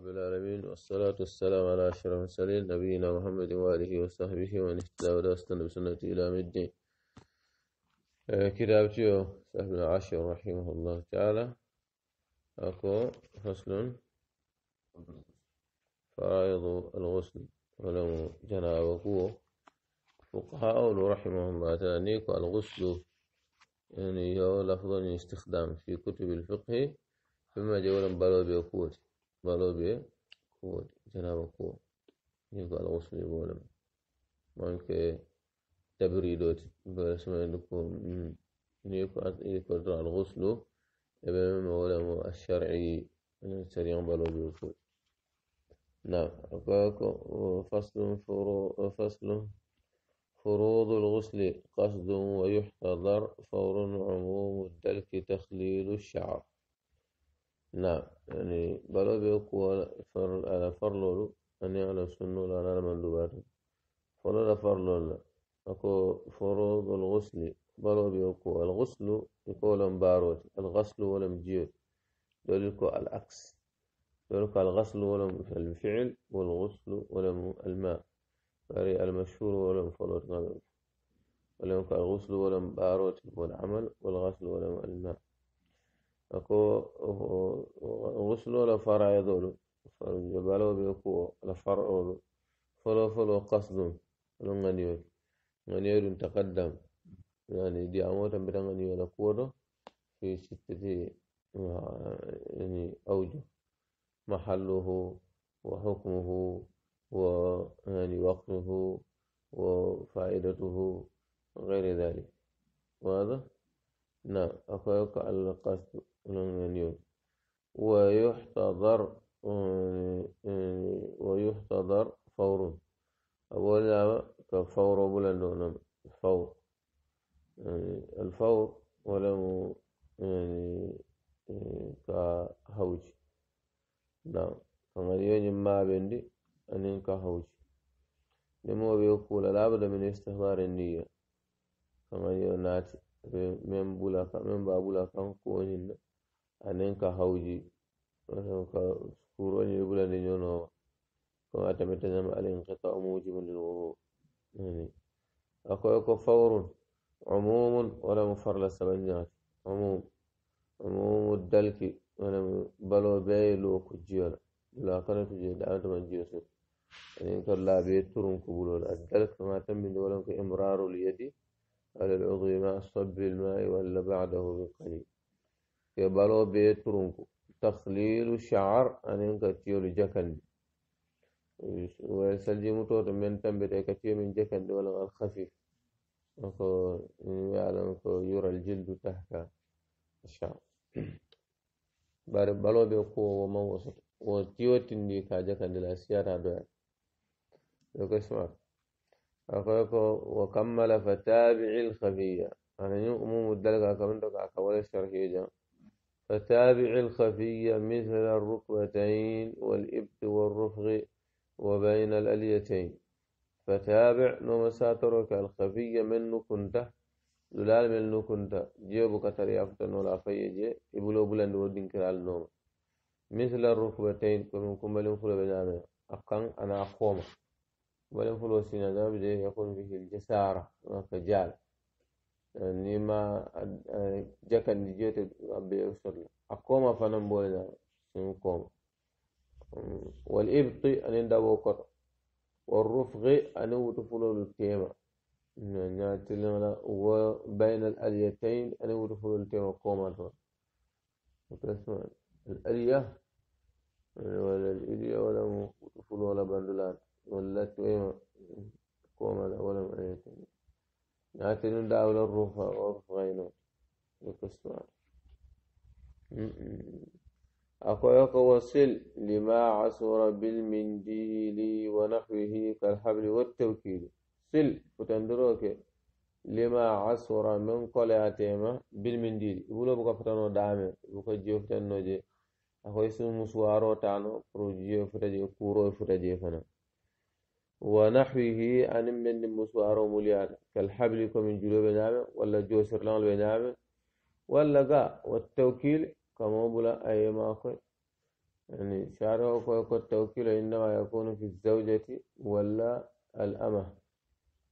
رب العالمين والصلاة والسلام على أشرف المرسلين نبينا محمد وآله وصحبه ومن اهتدى واستنى بسنته إلى يوم الدين تيو سهل العاشر رحمه الله تعالى أكو فصل فرائض الغسل ولو جنابكو فقهاء رحمه الله تعالى نيك الغسل يعني هو لفظ استخدام في كتب الفقه فما جولا بلو بيقوتي بالو بي كود جناب كود يقال غسل بولم مانك تبريدوت بسمع لكم يقال الغسل يبقى مولم الشرعي الشرعي قالوا به كود نعم فصل فرو فصل فروض الغسل قصد ويحتضر فور عموم الدلك تخليل الشعر نعم يعني بلغ يقوى فر على فرلولو أني يعني على سنو على المندوبات فلولا فرلولا أكو فروض الغسل بلغ يقوى الغسل يقول باروت الغسل ولم جيوت دولكو العكس دولكو الغسل ولم الفعل والغسل ولم الماء فري يعني المشهور ولم فلوت يعني ولم الغسل ولم باروت والعمل والغسل ولم الماء أكو غسلو لفرايدولو فالجبالو بيكو لفرعولو فلو فلو قصدون لون من يريد تقدم يعني دي عموتا بدا غنيوي لكوضو في ستة يعني أوجه محله وحكمه و يعني وقته وفائدته غير ذلك وهذا نعم أخوك على القصد أمم، ويحتضر أمم، ويحتضر فور أولا كفور أولا دونم فور يعني الفور ولم يعني كهوج نعم فمن يجب ما بندي أن ينكهوج لما بيقول لابد من استخبار النية hawji كوروني يقول أن يجون كما أتمتزم الانقطاع موجب للوضوء يعني أكو يكو فور عموم ولا مفر لسبنجات عموم عموم الدلك ولا بلو بيلو كجيولا لا كانت تجي دعوة من جيوسف يعني إنك لا بيترون كبولولا الدلك ما تمد ولا إمرار اليد على العضو مع صب الماء ولا بعده بقليل كبرو بيترونكو تخليل شعر أنين كتير لجكن ويسلجي متوت من تنبت كتير من جكن ولا الخفيف وكو يعلم كو يرى الجلد تحكى الشعر بار بلو بيقو وما وسط وتيو تندي كجكن دلا سيارة دوا لك اسمع أخوك وكمل فتابع الخفية أنا يوم أمو مدلقة كمان تقع كوالي الشرحية جان فتابع الخفي مثل الركبتين والإبت والرفغ وبين الأليتين فتابع نمساترك الخفي من نكنت دلال من نكنت جيبو كتر يافتنو لا فيجي إبلو بلند ودين كرال نوم مثل الركبتين كمن كمبلين فلو بنامي أقن أنا أقوم بلين فلو سينا نابده يكون به الجسارة وكجال nima jakandi jete abbe yosolla a koma fanan boyda sun koma walibti anin dabo koto walrufgi anin wutufulolu tema ñatilana wa bayna al alalyatain anin wutufulolu tema komal fa tasman alalya wala alilya wala wutufulola bandulata walla tema komala walam alyatain ياتي داول الروف وروف غينو بكسوان أكو يوك وصل لما عصر بالمنديل ونحوه كالحبل والتوكيل سل فتندروك لما عصر من قلعتهما بالمنديل يقولوا بقى فتنو دامي بقى جيو فتنو جي أكو يسو مسوارو تانو برو جيو فتجي كورو فتجي فنا ونحوه عن من مسوار مليان كالحبل كمن جلوب نعم ولا جوسر لان بنعم ولا قا والتوكيل كما بلا أي ما أخذ يعني شعره فوق التوكيل إنما يكون في الزوجة ولا الأمة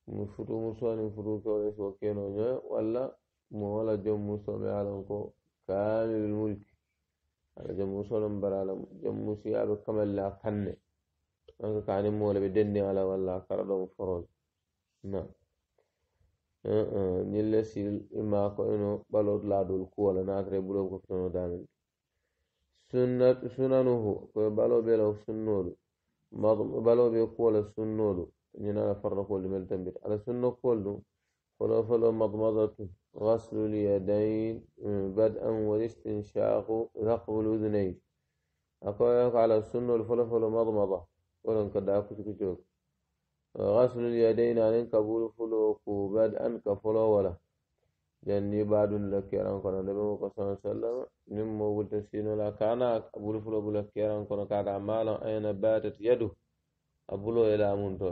مفروض مسوان مفروض كويس وكينو ولا مولا جم مسوم يعلم كامل الملك على جم مسوم برا جم مسيابك كمل لا قنه anga kani mole ɓe denni ala walla a kara ɗomo forol na ñille si mako eno ɓalot laadol kuwola natare ɓuɗom ko fitono damen sunanuhu koye ɓaloɓe law sunnoɗo ɓaloɓe kuwola sunnoɗo ñina ala farna kol ɗumel tambita ala sunna kol ɗum folo folo madmadatu gaslu lyadain badan walistinshaqu raqbu ludunain akoyeko ala sunnol folo folo madmada ولن قد أكو سكتوك غسل اليدين أن كبول فلو كوباد أن كفلو ولا janni baadun la keran kono nabi mo ko sallallahu alaihi wasallam nim mo wulta sino la kana abulu fulo bula keran kono kaga malan ayna batat yadu abulo ila mun to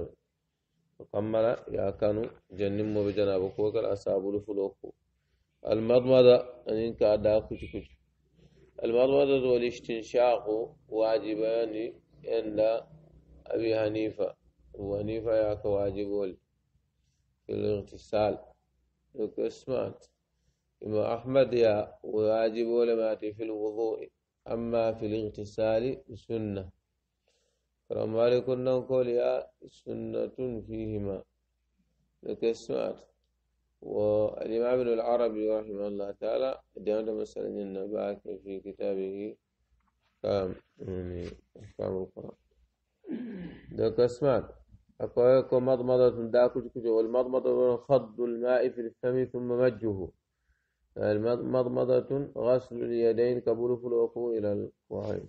kammala ya kanu janni mo be janaba ko kala asabulu fulo ko al madmada anin ka da kuci kuci al madmada wal istinshaqu wajibani inda أبي حنيفة أبو حنيفة ياك واجب في الاغتسال لك اسمعت إما أحمد يا واجب لما في الوضوء أما في الاغتسال سنة فرمالي كنا نقول يا سنة فيهما لك اسمعت والإمام ابن العربي رحمه الله تعالى دائما مسألة النباك في كتابه أحكام يعني أحكام القرآن قسمان أقولكم مضمضة داكو كجو والمضمضة خض الماء في الفم ثم مجه المضمضة غسل اليدين كبول فلوقو إلى القوائم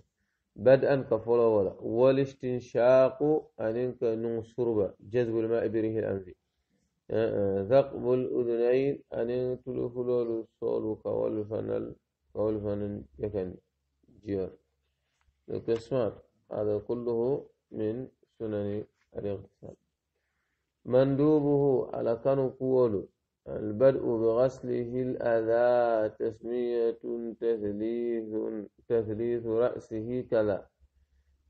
بدءا كفولا ولا والاستنشاق أنك ننصرب جذب الماء بره الأنف ثقب الأذنين أن تلفلول الصول كوالفن كوالفن يكن جير القسمان هذا كله من سنن الاغتسال مندوبه على كانوا قولوا البدء بغسله الأذى تسمية تثليث تثليث رأسه كذا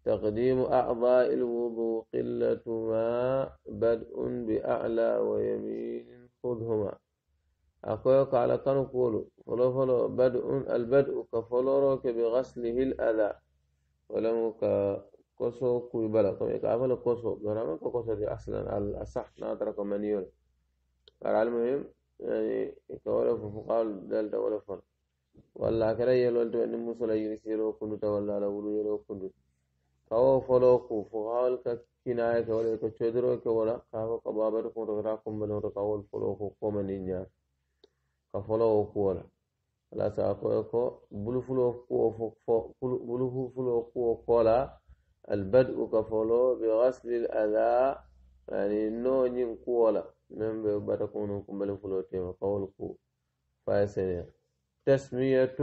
تقديم أعضاء الوضوء قلة ما بدء بأعلى ويمين خذهما أقولك على كانوا قولوا فلو فلو بدء البدء كفلورك بغسله الأذى ولمك كوسو كوي بلا كم إيه كافل كوسو غرامة كوسو دي أصلا الأصح نادر كمانيول المهم يعني كولا فقال دل دولا فن ولا كلا يلول تو إن مسلا يسيرو كنو تولا لا ولو يلو كنو كاو فلو كو فقال ككناية كولا كتشدرو كولا كاو كبابر كون رغرا كم بنو ركاول فلو كو كمان إنجار كفلو كولا لا ساكو كو بلو فلو كو فو بلو البدء كفولو بغسل الأذى يعني نوجين كولا نم بتكون كمبل فلوتي وقول كو فاسنيا تسمية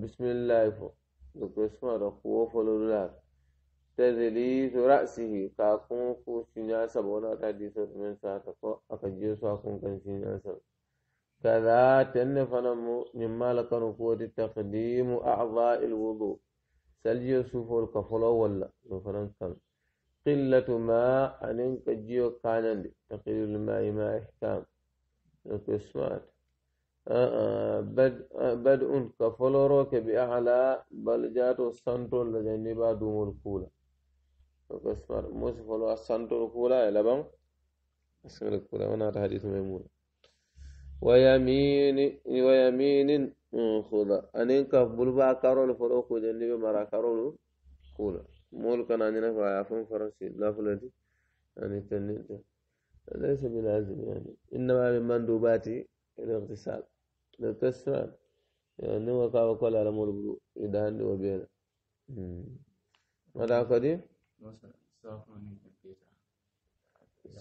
بسم الله فو ذكر اسم رخو فلو لا تذليل رأسه كاكون كو سنيا سبونا تحديث من ساتكو أكجيو ساكون كان سنيا سبونا كذا تنفنا نمالك نقود تقديم أعضاء الوضوء سالجيو سوف كفولو ولا نفران كان قلة ما أنين كجيو كانند تقيل الماء ما إحكام نكسمات آه، آه، بدء آه، كفولوروك بأعلى بل جاتو سنتول لجنبا دوم الكولا نكسمات موسى فولو سنتول كولا لبن أسمع الكولا ونعت حديث ميمون ويمين ويمين Mm, khuda anin ka bulba karolu folo kujendi be mara karolu kula mol kana nyina fa ya fon farasi lafulati ani tanita ليس بلازم يعني انما من مندوبات الاغتسال للكسران يعني وقع وقال على مول بلو اذا هني وبينا ماذا قديم؟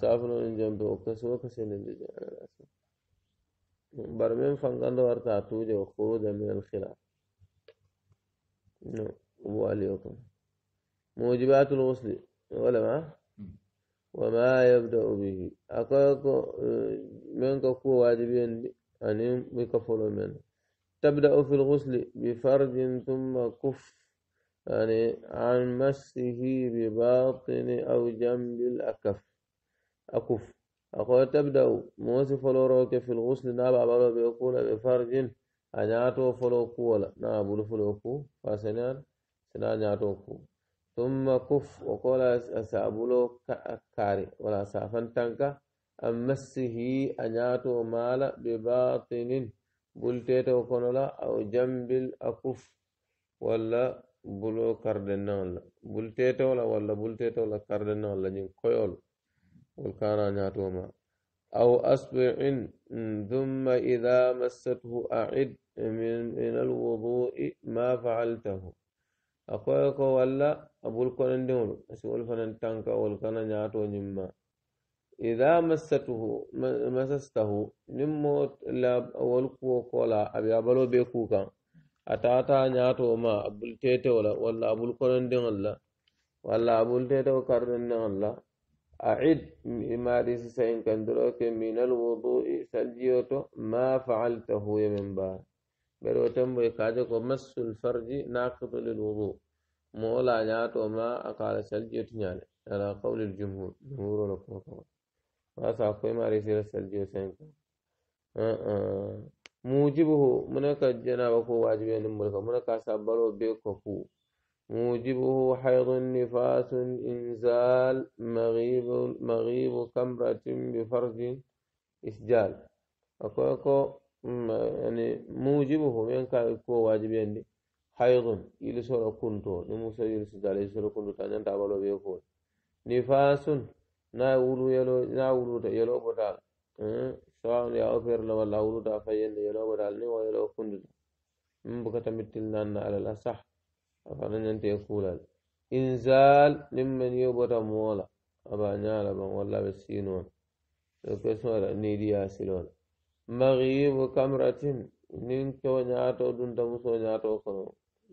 سافرون ان جنبه وكسر وكسر ان جنبه بر من ورطا توجه خروج من الخلاف واليكم موجبات الغسل ولا ما وما يبدأ به أكاكو من كفو واجبين أن يكفر من تبدأ في الغسل بفرج ثم كف يعني عن مسه بباطن أو جنب الأكف أكف akoy tabdau moosi folorooke fil usli na ɓaɓalo ɓe kula ɓe farjin a ñaato folo kuwola na ɓulu folo ku fa senan sena ñaato ku tumma kuf o kola sabulo kaari wala safan tanka ammassihi a ñaato maala ɓe batinin ɓulteto konola au jambil a kuf walla bulo kardenanla ɓulteto la walla ɓulteto la kardenanla ñin koyolu والكارى ناتوما أو أصبع ثم إذا مسته أعد من, من الوضوء ما فعلته أقولك ولا أبو كون دون أسول فنن تانكا والكنا ناتو نما إذا مسته مسسته نموت لا والكو كولا أبي أبلو بيكوكا أتاتا ناتو ما أبو تيتو ولا أبول كون دول ولا أبول تيتو كارن الله أعد إماري سين كندروك من الوضوء سلجيوتو ما فعلته من بعد بلو تنبو كاجكو مس الفرج ناقض للوضوء مولا ناتو ما أقال سلجيوتو نانا على قول الجمهور جمهور لكم ما ساقو إماري سير سلجيو سين كان أه أه موجبه منك جنابكو واجبين ملكا منك سابرو بيكو موجبه حيض نفاس إنزال مغيب مغيب كمرة بفرج إسجال أكوكو يعني موجبه من يعني كايكو واجب يعني حيض يلسول كنتو نموسى يلسول يلسول كنتو تانيان تابلو بيكو نفاس ناولو يلو ناولو يلو بطال سواء يا أفر لو لا ولو تافين يلو بطال نيو يلو كنتو مبكتا متلنا على الأصح فننت يقول إنزال لمن يبرا مولا أبا نالا بن ولا بسينون لو نيديا سيلون مغيب كامرة نينتو نياتو دون تمسو نياتو كنو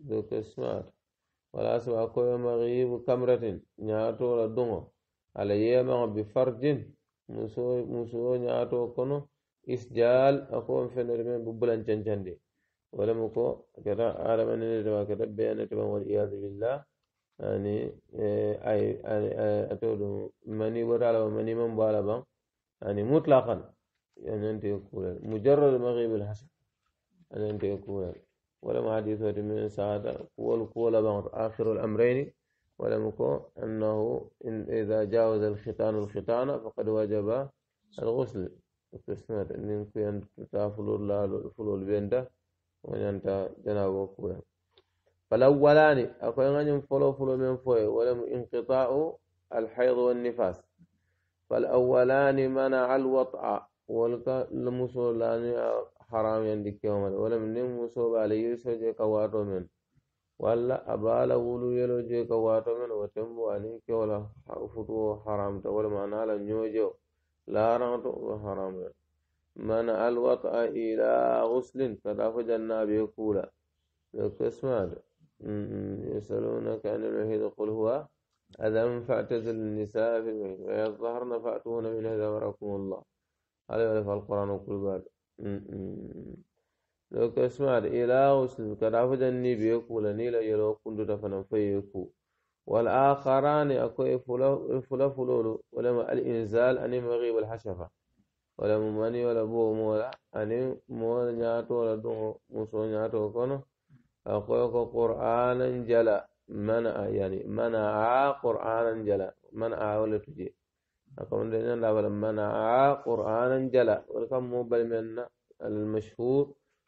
لو كسمات ولا سوى كوي مغيب كامرة نياتو لا دون على يما بفرد مسو مسو نياتو كنو إسجال أقوم في نرمي ببلان جنجندي ولم يكن كذا عالم أن نتبع كذا بأن نتبع والعياذ بالله يعني آه، أي آه، آه، أتود مني ورالا مني من بالا بان يعني مطلقا يعني أنت يقول مجرد مغيب الحسن يعني أنت يقول ولم حديث من سعادة قول قول بان آخر الأمرين ولم يكن أنه إن إذا جاوز الختان الختان فقد وجب الغسل قسمة إن كنت تافلور لا فلول بين ده وننتا جنابو كويا فالأولان أقول أن فلو فلو من فوي ولم انقطاع الحيض والنفاس فالأولان منع الوطأ والمسولان حرام يندك يوما ولم نمسو عليه يسجي كواتو من ولا أبال ولو يلو جي كواتو من وتمو عليك ولا فتو حرام ولا معنى لنيوجو لا رغتو حرام من من الوطء إلى غسل فلا جنا به قولا القسم يسألونك عن المحيض قل هو أذى فاعتزل النساء في المحيض ويظهرن فأتون من هذا وراكم الله هذا يعرف القرآن وكل بعد لو اسمع إلى غسل كرافة به قولا لنيلا يلو كنت دفنا فيكو والآخران أكو إفلا فلولو ولما الإنزال أن مغيب الحشفه ولا مماني ولا بو مولا اني مولا نياتو ولا دو موسو نياتو كونو اخو يكو قرانا جلا منع يعني منع قرآن جلا منع ولا تجي اكو من دينا لا منع قرانا جلا ولكم مو بل من المشهور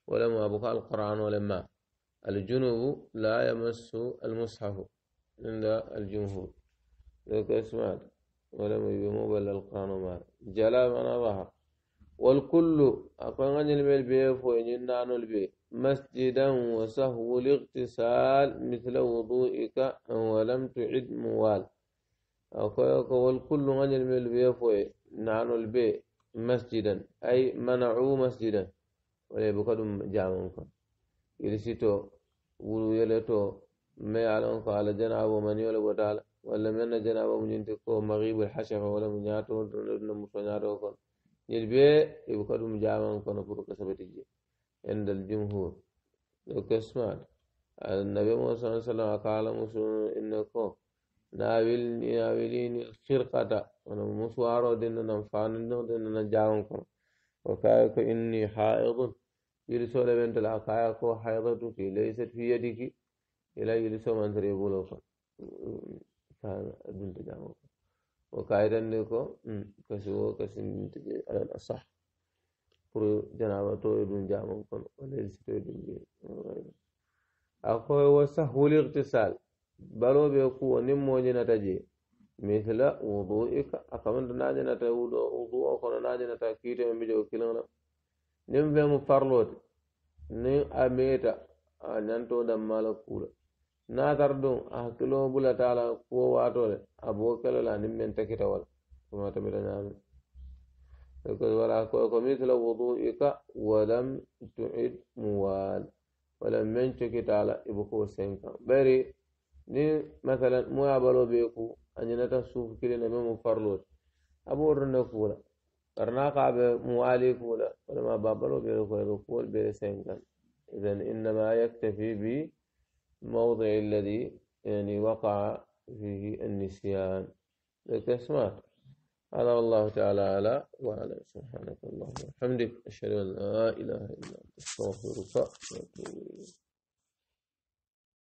ولا ما بقى القران ولا ما الجنوب لا يمس المصحف عند الجمهور لو كسمات ولا مو بل القران وما جلا منع بحر والكل أقول أقنعني الميل بيف فوين نانو البي مسجدا وسهو الاغتسال مثل وضوئك ولم تعد موال أقول والكل غني الميل بيف فوين نانو البي مسجدا أي منعوا مسجدا ولا بكدم جامعكم يرسيتو ولو يلتو ما يعلمك على جنابه من يولى وتعالى ولا من جنابه من ينتكو مغيب الحشفة ولا من ياتو ولا من يربي يبقى مجامع كنا برو كسبتي عند الجمهور لو كسمات النبي محمد صلى الله عليه وسلم قال موسى إنكو ناولني ناوليني الخرقة أنا مسوار ودين مسوارو دينا نفاننو أنا نجاون كنا وكايك إني حائض يرسو لبنت العقايق حيضتك ليست في يدك إلا يرسو من تريبولو فهذا بنت جامعك o kayitande ko mm, kasi o kasi tigi alal asah pour janaba to e ɗum jamam kono o lelsi to e ɗum ɓe akoy wo sahwul irtisal baroɓe kuwo nin moñinata je misla wudu'ika akamanta najinata wudo wudu o kono najinata kiite ɓe mbijo kilana nin wemo farlode nin a meta a ñantoɗan mala kuula ناتر دو أهكلو بولا تالا قوة واتول أبو كلو لا نمين تكيتا وال كما تمتا نعمل لكذ ولا أكوكو مثل وضوئك ولم تعد موال ولم من تكيتا لا إبقو سينكا بري ني مثلا مو أبلو بيكو أني نتصوف كلي نمي مفرلوت أبو رنكو لا أرنا قابة موالي كولا ولما بابلو بيكو يدو كول بيكو سينكا إذن إنما يكتفي بي الموضع الذي يعني وقع فيه النسيان ذلك هذا والله تعالى أعلى وعلى سبحانك اللهم وبحمدك أشهد أن لا إله إلا أنت أستغفرك وأتوب إليك